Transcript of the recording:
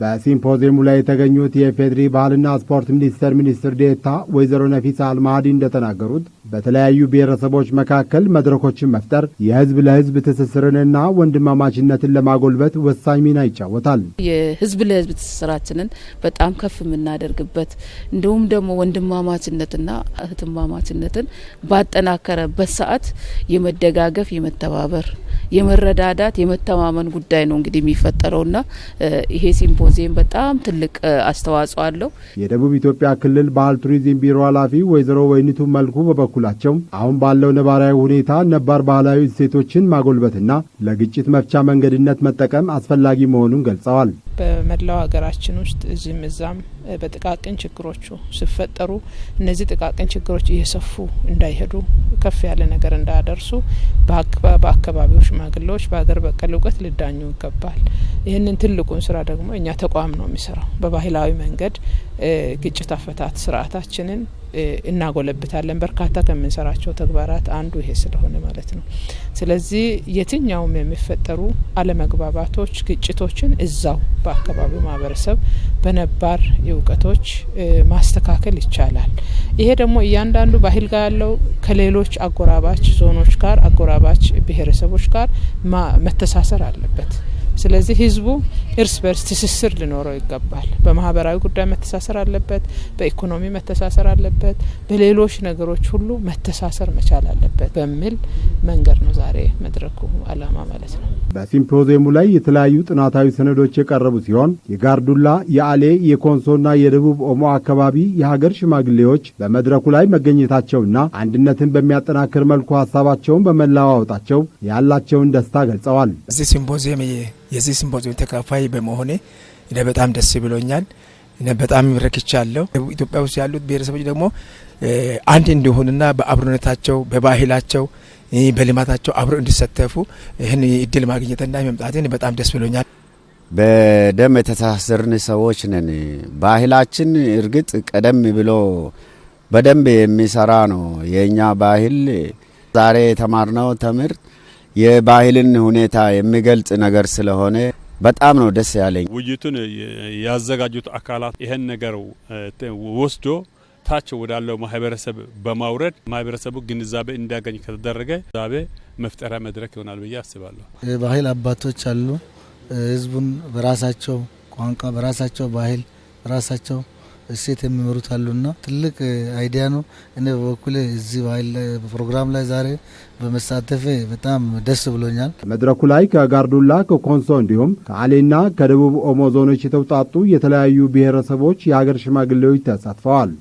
በሲምፖዚየሙ ላይ የተገኙት የፌዴሪ ባህልና ስፖርት ሚኒስቴር ሚኒስትር ዴታ ወይዘሮ ነፊሳ አልማሃዲ እንደተናገሩት በተለያዩ ብሔረሰቦች መካከል መድረኮችን መፍጠር የህዝብ ለህዝብ ትስስርንና ወንድማማችነትን ለማጎልበት ወሳኝ ሚና ይጫወታል። የህዝብ ለህዝብ ትስስራችንን በጣም ከፍ የምናደርግበት እንዲሁም ደግሞ ወንድማማችነትና እህትማማችነትን ባጠናከረበት ሰዓት የመደጋገፍ የመተባበር የመረዳዳት የመተማመን ጉዳይ ነው እንግዲህ የሚፈጠረው ና ይሄ ሲምፖዚየም በጣም ትልቅ አስተዋጽኦ አለው። የደቡብ ኢትዮጵያ ክልል ባህል ቱሪዝም ቢሮ ኃላፊ ወይዘሮ ወይኒቱ መልኩ በበኩላቸው አሁን ባለው ነባራዊ ሁኔታ ነባር ባህላዊ እሴቶችን ማጎልበትና ለግጭት መፍቻ መንገድነት መጠቀም አስፈላጊ መሆኑን ገልጸዋል። በመላው ሀገራችን ውስጥ እዚህም እዛም በጥቃቅን ችግሮቹ ሲፈጠሩ እነዚህ ጥቃቅን ችግሮች እየሰፉ እንዳይሄዱ ከፍ ያለ ነገር እንዳያደርሱ በአካባቢው ሽማግሌዎች በሀገር በቀል እውቀት ሊዳኙ ይገባል። ይህንን ትልቁን ስራ ደግሞ እኛ ተቋም ነው የሚሰራው በባህላዊ መንገድ ግጭት አፈታት ስርዓታችንን እናጎለብታለን። በርካታ ከምንሰራቸው ተግባራት አንዱ ይሄ ስለሆነ ማለት ነው። ስለዚህ የትኛውም የሚፈጠሩ አለመግባባቶች፣ ግጭቶችን እዛው በአካባቢው ማህበረሰብ በነባር እውቀቶች ማስተካከል ይቻላል። ይሄ ደግሞ እያንዳንዱ ባህል ጋር ያለው ከሌሎች አጎራባች ዞኖች ጋር አጎራባች ብሔረሰቦች ጋር መተሳሰር አለበት። ስለዚህ ህዝቡ እርስ በርስ ትስስር ሊኖረው ይገባል። በማህበራዊ ጉዳይ መተሳሰር አለበት፣ በኢኮኖሚ መተሳሰር አለበት፣ በሌሎች ነገሮች ሁሉ መተሳሰር መቻል አለበት በሚል መንገድ ነው ዛሬ መድረኩ አላማ ማለት ነው። በሲምፖዚየሙ ላይ የተለያዩ ጥናታዊ ሰነዶች የቀረቡ ሲሆን የጋርዱላ፣ የአሌ፣ የኮንሶና የደቡብ ኦሞ አካባቢ የሀገር ሽማግሌዎች በመድረኩ ላይ መገኘታቸውና አንድነትን በሚያጠናክር መልኩ ሀሳባቸውን በመለዋወጣቸው ያላቸውን ደስታ ገልጸዋል። እዚህ ሲምፖዚየም የዚህ ሲምፖዚየም ተካፋይ በመሆኔ እኔ በጣም ደስ ብሎኛል። በጣም ረክቻለሁ። ኢትዮጵያ ውስጥ ያሉት ብሔረሰቦች ደግሞ አንድ እንዲሆኑና በአብሮነታቸው በባህላቸው በልማታቸው አብሮ እንዲሳተፉ ይህን እድል ማግኘትና መምጣትን በጣም ደስ ብሎኛል። በደም የተሳሰርን ሰዎች ነን። ባህላችን እርግጥ ቀደም ብሎ በደንብ የሚሰራ ነው የእኛ ባህል። ዛሬ የተማርነው ትምህርት የባህልን ሁኔታ የሚገልጽ ነገር ስለሆነ በጣም ነው ደስ ያለኝ። ውይይቱን ያዘጋጁት አካላት ይህን ነገር ወስዶ ታች ወዳለው ማህበረሰብ በማውረድ ማህበረሰቡ ግንዛቤ እንዲያገኝ ከተደረገ ዛቤ መፍጠሪያ መድረክ ይሆናል ብዬ አስባለሁ። የባህል አባቶች አሉ። ህዝቡን በራሳቸው ቋንቋ፣ በራሳቸው ባህል፣ በራሳቸው እሴት የሚመሩት አሉና ትልቅ አይዲያ ነው። እኔ በበኩሌ እዚህ ፕሮግራም ላይ ዛሬ በመሳተፌ በጣም ደስ ብሎኛል። መድረኩ ላይ ከጋርዱላ፣ ከኮንሶ እንዲሁም ከአሌና ከደቡብ ኦሞ ዞኖች የተውጣጡ የተለያዩ ብሔረሰቦች የሀገር ሽማግሌዎች ተሳትፈዋል።